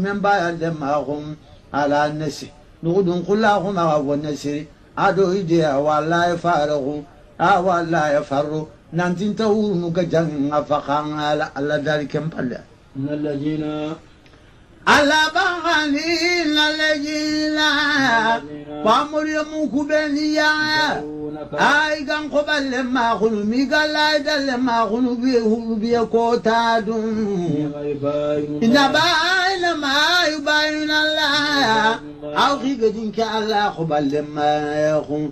من باير دماغهم على النسي نقدون كلهم أو النسي عدو إيديا ولا يفارغوا ولا يفروا نانتين تقول مكجن فقان على ذلك مبلا الذين ala bagani lalejila pamuriyo mukubeniya ay gan koballe makunu migalaydalle makunu biye hulubiye kotadum inabayna mayu bayunalla aw kigedinke alla koballe mayakun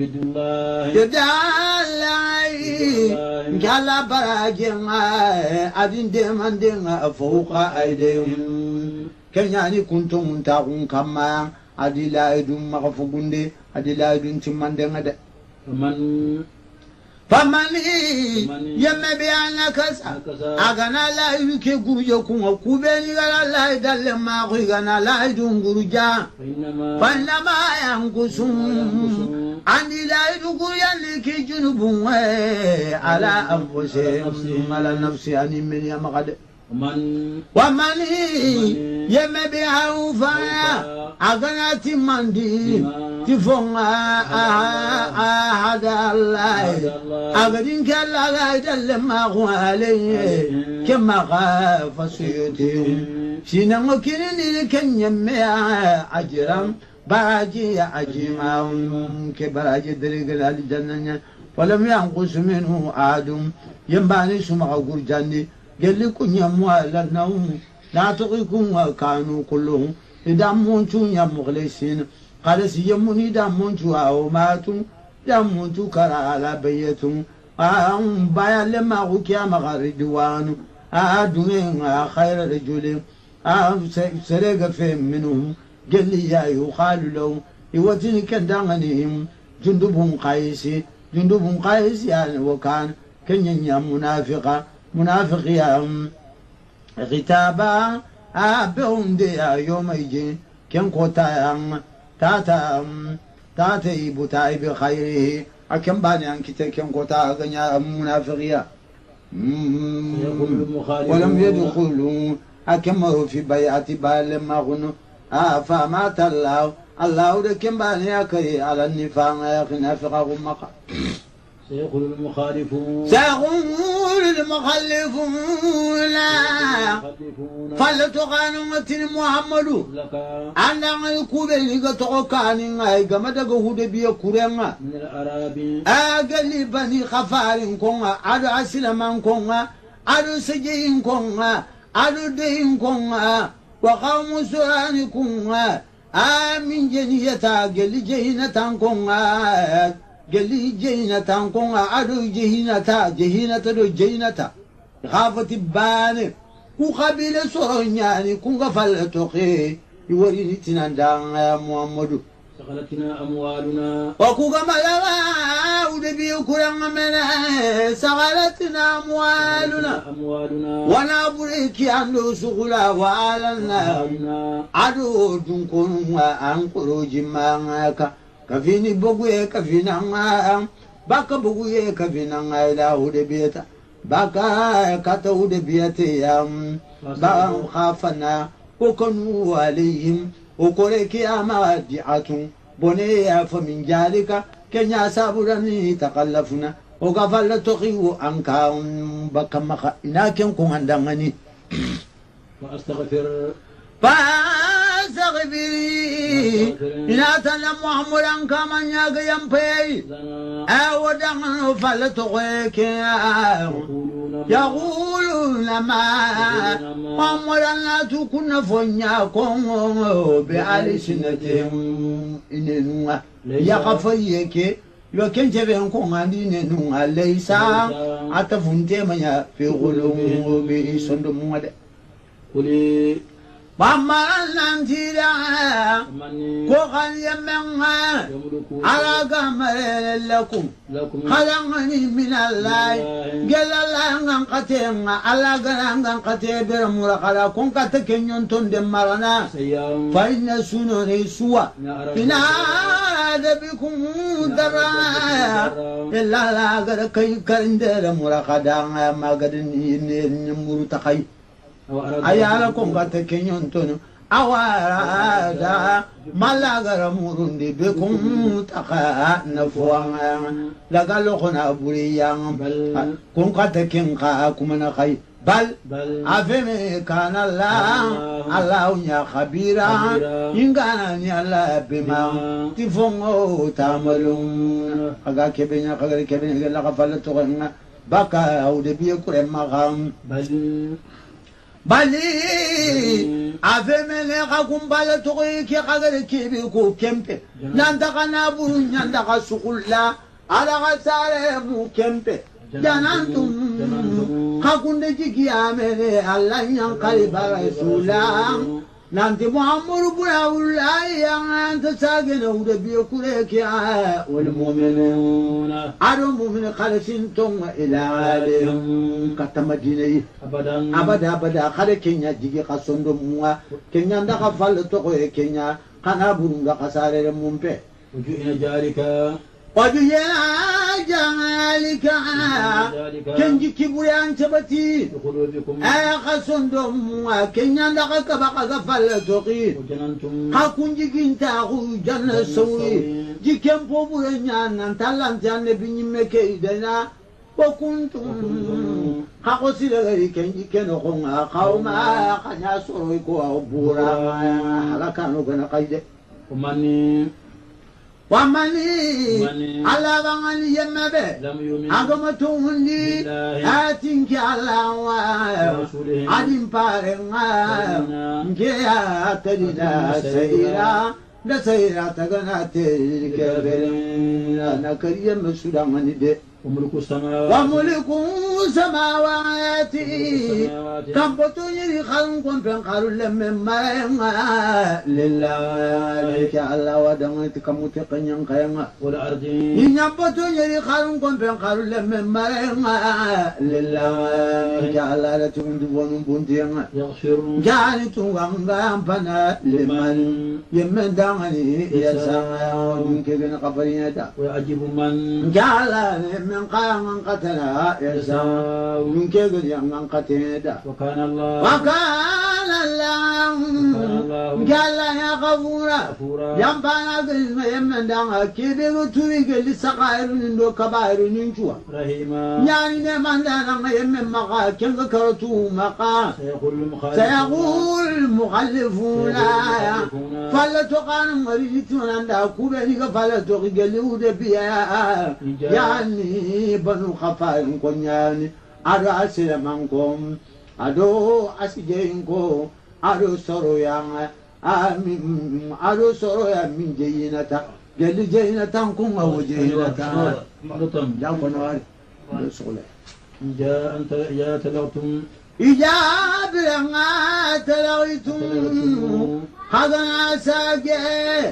يد الله يد الله جل براجعنا أدين دمان دين فوق أيديهم كن يعني كنتم منتعون كما أدي لا يدون مغفقون دي أدي لا يدون تمان دين من famani yemme be ana kasa agana layi ke guruje kuma kubeni gara layi dalle mako igana layi dun guruja fannama yankusum andi layi duguryani ki junubun ala anfusihim ala nafsi ani min yamakade ومن يمبي عوفا أغنى مندي تفونا أحد أه، الله أغدين كلا غايدا لما غوالي كما غاف سيوتهم شينا مكينين كن يمي أجرم باجي عجيما كبراجي دريق الجنة ولم ينقص منه آدم ينباني سمع قرجاني جلكم يموا لنهم لا تقيكم وكانوا كلهم ندمونتو يا مغلسين قال سيموني دمونتو أو ماتوا دمونتو كرا على بيتهم أم بايا لما غوكيا مغردوانو أدنين آه آه خير رجلين آه سرق فهم منهم قال لي يا يقال له يوتني كان دانهم جندبهم قيسي جندبهم قيسي يعني وكان كان ينيا منافقا munafiqiya kitaba abehundeya yomaije kenkotaya tata tata ibutai bikhairihi akan bani an kita kenkota ganya munafiqiya ولم يدخلوا أكملوا في بيعة بال لما غنوا آه فمات الله الله لكن بان يكري على النفاق يخنافق غمقا سيقول المخالفون سيقول فلتقان متن محمد أن يكون لك تقان أي كما تقول بي كرنا من بني خفار كونا أدو أسلمان كونا أدو سجين كونا أدو دين كونا وقوم سران آمين جنية جهنة جلي جينة كون عدو جهنة جهنة دو جينة غافت بان كون قبيل سرنياني كون غفل تقي يوريني تنان دان محمد سغلتنا أموالنا وكون ملغا ودبي كرم من سغلتنا أموالنا أموالنا وانا بريك عندو سغلا وعلنا عدو دنكم وأنقروا جمعك kafini bogwe kafina nga baka bogwe kafina nga ila hude bieta baka kata hude bieta ya ba khafana kokonu alayhim okore kiyama di'atun bone ya famin jalika kenya saburani takallafuna ogafalla tokiwo anka baka maka ina ken kun handangani fa astaghfir fa فاغفري لا تلم محمولا كمن يقيم في أو دعن فلتغيك يقولون ما محمولا لا تكن فنياكم بألسنتهم إننوا يغفيك يوكن جبين كون عندي نون ليس أتفنتي ما في قلوبهم سندم ود بمران لانتيرا كوخان يمنها على قمرين لكم خلقني من الله جل الله عن قتيم على قران عن قتيم برمورا خلا كون قتكين ينتون دمرنا فإن سنوني سوا بنا بكم درا إلا لا قد كي كرندر مرقدا ما قد نمر تخيب ayala ko ngata kenyon tono awarada malagara murundi bekum taka nafuang laga lokona buriyang kun kata kenka kumana kai bal afeme kana la allah ya khabira ingana ni allah bima tifongo tamalum aga kebenya kagare kebenya la kafala to baka au de biye kure magam bali afemele kakumbala tokoyike kakere kebe ko kempe nandaka naburu nyandaka sukulla alaka sare mu kempe janantum kakunde jigiyamene alla nyankali bara sula نانت محمد بلا ولا أنت ساقنا ودبي كلك يا والمؤمنون على المؤمن قال سنتم إلى عالم كتم ديني أبدا أبدا أبدا قال كنيا جيجي قصون دموا كنيا ندقى فالتقوي كنيا قنابون دقى سارة ممبي وجئنا جارك قد جاء ذلك كنجي كبري أنت بتي أخ آه، سندم وكنيا لقك بقى قفل تقي هكونجي كنت أخو جنة سوي جي كم بوبو ينان أنت لانت النبي مكي دينا وكنتم هقصي لغيري كنجي كنقوم قوما قنيا سوي كوا بورا حلقانو كنقيد وماني ومني على بغن يمبه أقوم تهندي آتنك على عدم فارغا جيا تجد سيرا da sai ya ta gana ta yi kirbirin na kariyar masu damani da وملك السماوات وملك السماوات كم بتجري خلق فانقر لم ما لله عليك على ودمت كم تقن ينقين والأرض إن بتجري خلق فانقر لم ما لله عليك على لتون دون بنتين يغفر جعلت وانبان فنا لمن يمن دعني يسعى من كبن قبرين ويعجب من جعل من قام قتلها يجزى من كيد من قتيدا وكان الله وكان اللهم قال يا غفورا ينبانا قلما يمن دانا كيبي غتوي قل سقائر نندو كبائر ننجوا رحيما يعني نمان دانا يمن مقا كن ذكرتو مقا سيقول المخلفون فلتقان مريتون عند كوبيني فلتق قلو دبيا يعني بنو خفائر كنياني أرأسل منكم أدو أسجينكم عروسرويا عروسرويا من جينتا قال لي جينتكم أو جينتا لا بنوار شغله أنت يا تلغتم إذا بلغت تلغتم هذا ساجي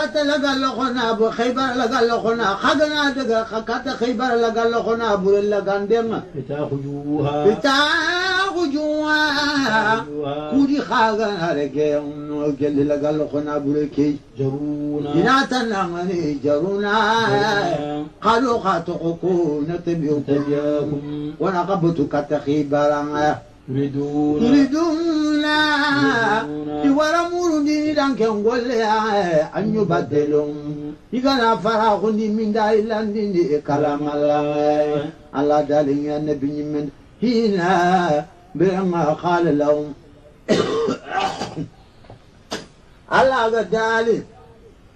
قتل قلقنا بخيبر لقلقنا خدنا قتل خيبر لقلقنا بول لقندم بتاخذوها بتاخذوها جواها كودي خاغا هركي وكل لقل خنا بركي جرونا إنا تنغني جرونا قالوا خاتقكم نتبعكم ونقبتك تخيبرا تريدون تريدون يورا مورو ديني دان كان أن يبدلهم يغانا فراغون دي من داي لاندين كلام الله الله دالين يا نبي من هنا بما قال لهم الله قدالي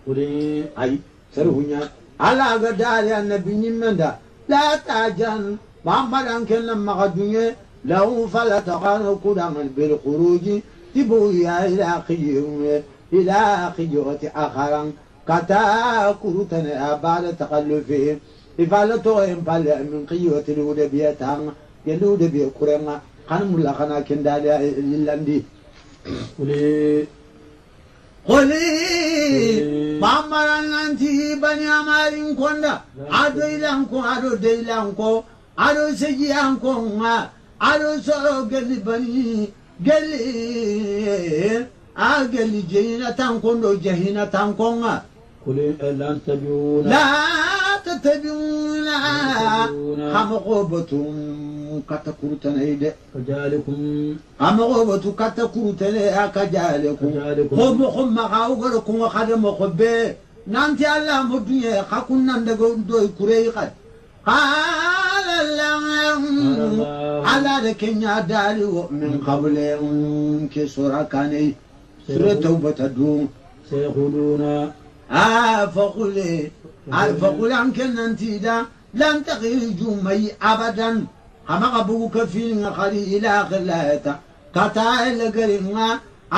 ودي أي سرهنا الله قدالي النبي من لا تعجل محمد أنك لما قدني له فلا تقال قدما بالخروج تبويا إلى خيره إلى خيرة آخرا قتا كروتنا بعد تقلفهم إفعلتهم فلا من قيوة الودبية يلود بيكرنا kan mulla kana kenda da lillandi kuli kuli bambaran nanti bani amarin konda ado ilanko ado de ilanko ado seji anko nga ado soro geli bani geli a geli jehina tankondo jehina tankonga kuli lan tabiuna la تتبعونها هم غوبتم كتكرتنيد كجالكم هم غوبتو كتكرتنيها كجالكم هم هم غاوغركم وخدم خبه نانتي الله مدنيا خاكم نندقون دوي كري قد قال الله على ركنيا داري من قبل انك سركاني سورة توبة دوم سيخلونا آه فقل فقل كن أنت دا لن تخرجوا مي أبدا أما قبو كفيل خلي إلى خلاتا قطع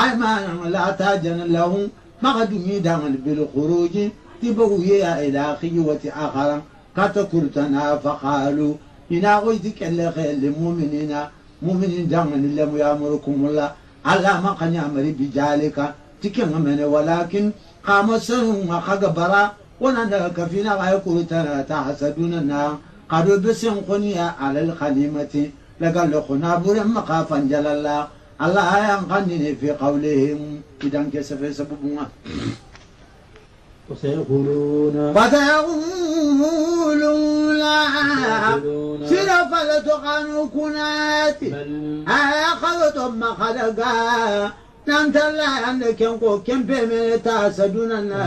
اي ما لا تاجن لهم ما قد ميدان بالخروج تبو يا إلى خيوة اخرى قد كرتنا فقالوا إنا غيتك خير للمؤمنين مؤمنين دعمن لم يأمركم الله على ما قد يأمر بجالك تكن من ولكن قام سرهم خبرا ونانا كفينا غايكو ترى تحسدوننا قالوا قنيا على الخليمة لقال لقنا برم مقافا جل الله ينقنني في قولهم إذا كسف سببنا وسيقولون وسيقولون سرف لتقنكنات أخذتم آه، خلقا nantala ande ken ko kempe me ta saduna na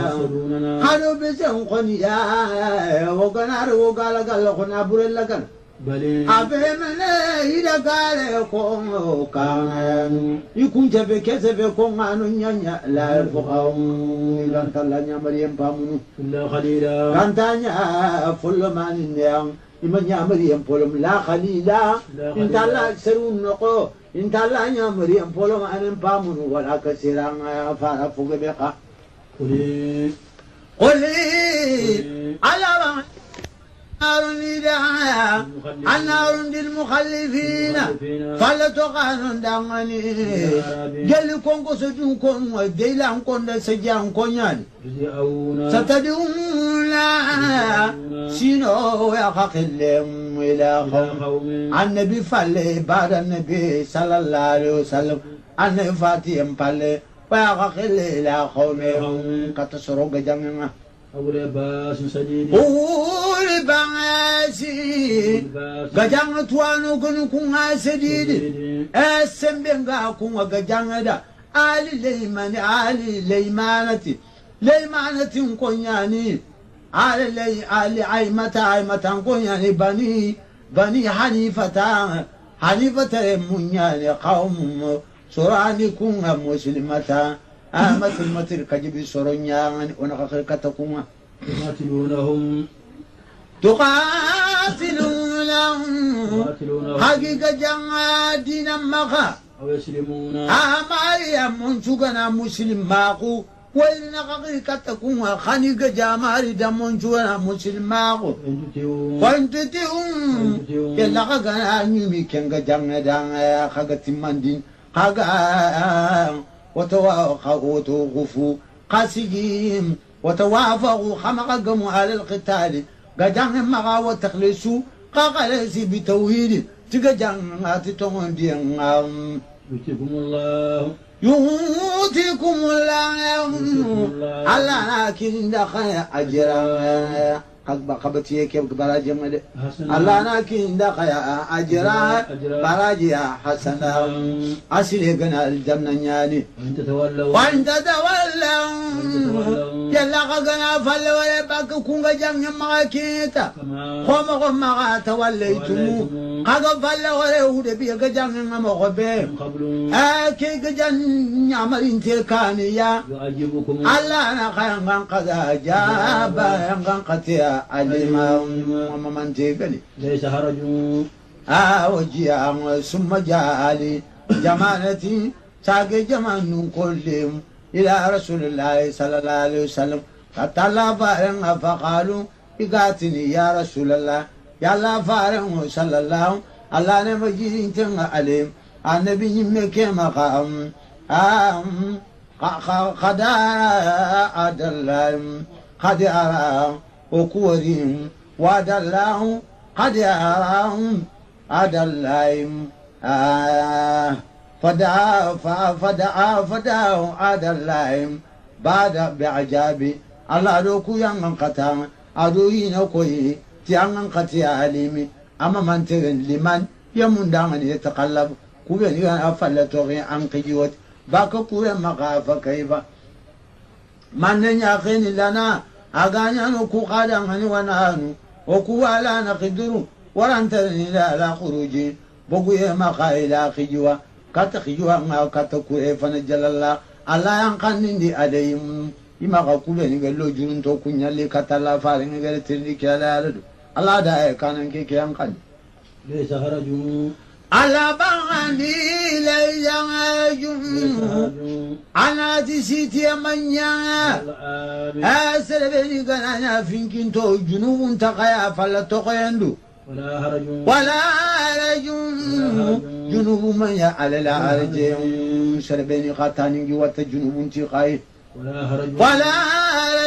haro be se on koni ya o gana ro gala gala ko na bure la gala abe mene ida gale ko kan ikun je be ke se be ko ngano nyanya la fo qawm lan tala nya mariyam pamunu la khalila kan tanya fullo manin yang imanya mariyam polum la khalila intala serun ko intalla nya muri an polo anan pamunu wala kasira ya fara fuga beka kuli kuli ala نار دعا عن نار للمخلفين فلتقعن دعني جل كونك سجون كون وديلان كون سجان كون يعني. ستدعون سينو يا خقلهم إلى قوم عن نبي فلي بعد النبي صلى الله عليه وسلم عن فاتيم فلي ويا خقل إلى قومهم كتسرق جميعا أولي باس سديد أولي باسي قجان توانو كنكم سديد أسم بينكم وقجان دا آل ليمان آل ليمانتي ليمانتي كونياني آل لي آل عيمتا عيمتا كونياني بني بني حنيفة حنيفة منياني قوم سراني كونها مسلمتا مثل المتر كجب سرنيا ونقا خلقتكما تقاتلونهم تقاتلونهم حقيقة جمادين مخا أو يسلمون أما يمون شغنا مسلم ماقو وإن حقيقتكما خنيق جمال دمون شغنا مسلم ماقو فانتتهم يلا حقنا نيمي كنغ جمع دان حقا تمان دين وتوافقوا توقفوا قاسيين وتوافقوا خمقكم على القتال قجان مغا وتخلصوا قاقلسي بتوحيد تقجان تتون ديان يوتيكم الله يوتيكم الله على لكن دخل أجرا قد بقبت يكيب براجي مد الله ناكي اندق يا أجرا براجي يا حسنا أسلي قنا الجمنا نياني وانت تولوا جل قنا فل ولبك كونغ جمنا مغاكيتا قوم قوم مغا توليتمو قد فل ولهود بيك جمنا مغبه أكي جن عمرين تلكانيا الله ناكي انغان قد أجاب الإمام من تيغلي ليس هرج آه وجيا ثم جالي جمالتي تاقي جمال كل إلى رسول الله صلى الله عليه وسلم فتلا فارن فقالوا إقاتني يا رسول الله يا الله فارن صلى الله الله نمجي انتن عليم النبي يمك مقام آم قد أرى أدلهم قد أرى وقودهم وأدلاه قد أراهم أدلاهم آه فدعا فدعا فدعاه أدلاهم بعد بعجاب الله دوكو يانغن قطع أدوين كوي تيانغن قطع أليمي أما من تغن لمن يمون دانغن يتقلب كوبين يان أفلا تغي عن قيوت باكو كوبين مقافة كيفا من يقين لنا أغانيان كوقادا غني ونانو وكوالا نقدرو ورانترني لا لا خروجي بقوي ما قايلا خجوا كات خجوا ما كات كوي فنجل الله الله ينقنن دي أديم إما قولي نقلو جنون تو كنيا لي كات الله فارن نقل ترني كالا الله دا كانن كي كيان قن ليس هرجون على بغني ليا جم أنا تسيت يا من أسر بني كنا فين تو جنوب تقيا فلا تقيندو ولا هرج جنوب من يا على لا هرج سر بني قتاني جوات جنوب تقاي ولا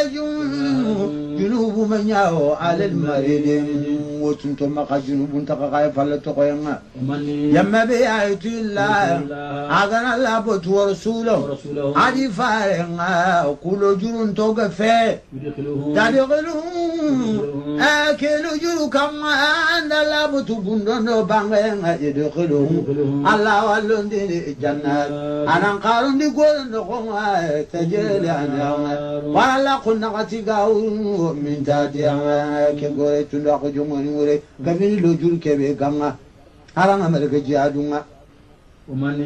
هرج جنوب من يا على المريض وتن تو ما خجلو بنت قاي فلت قينا يما بيعت الله اغن الله بوت ورسوله ادي فارنا كل جرن توقف غفه تدخلهم اكل جر كما ان الله بوت بندن بانغ يدخلهم الله ولن دي جنات انا قارن دي قول نقوم تجري انا ولا قلنا غتي من تاتي كي قلت لك جمهور yure gamini lo jul kebe gamma haranga melke jihadunga ومن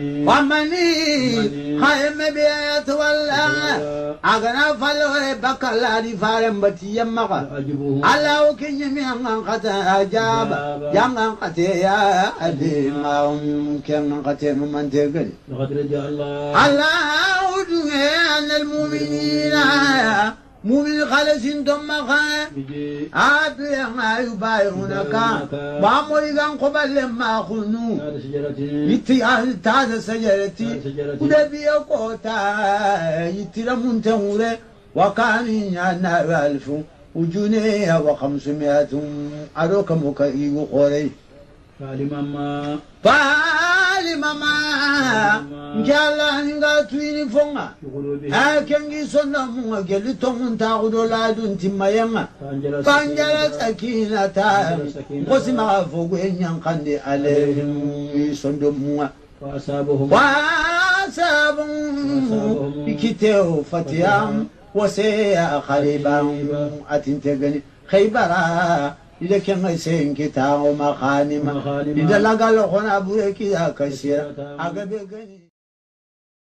خيم بيت ولا أغنى فلو بكلا دي فارم بتي يمغا على وكين يمين قتا أجاب يمغا قتا يا أدي ما ممكن قتا من تقل لقد رجع الله الله ودعي أن المؤمنين مومن خالصين دم خان أبي ما يبايعونك باموري كان قبل لما خنو يتي أهل تاز سجرتي ودبي أقوتا يتي رمون تهورة وكان ينانا ألف وجنيه وخمسمائة أروك مكيو خوري فالماما jala hinga tuini fonga a kengi sonna munga geli tongun tagudo ladun timmayenga banjala sakina ta kosi maga fogu e nyankandi alehim sondo munga wasabun ikiteo fatiyam waseya khariban atintegani khaybara إذا كان غيسين كتاب مخانمة إذا لقى لخنا أبو يكي أكسير أقبل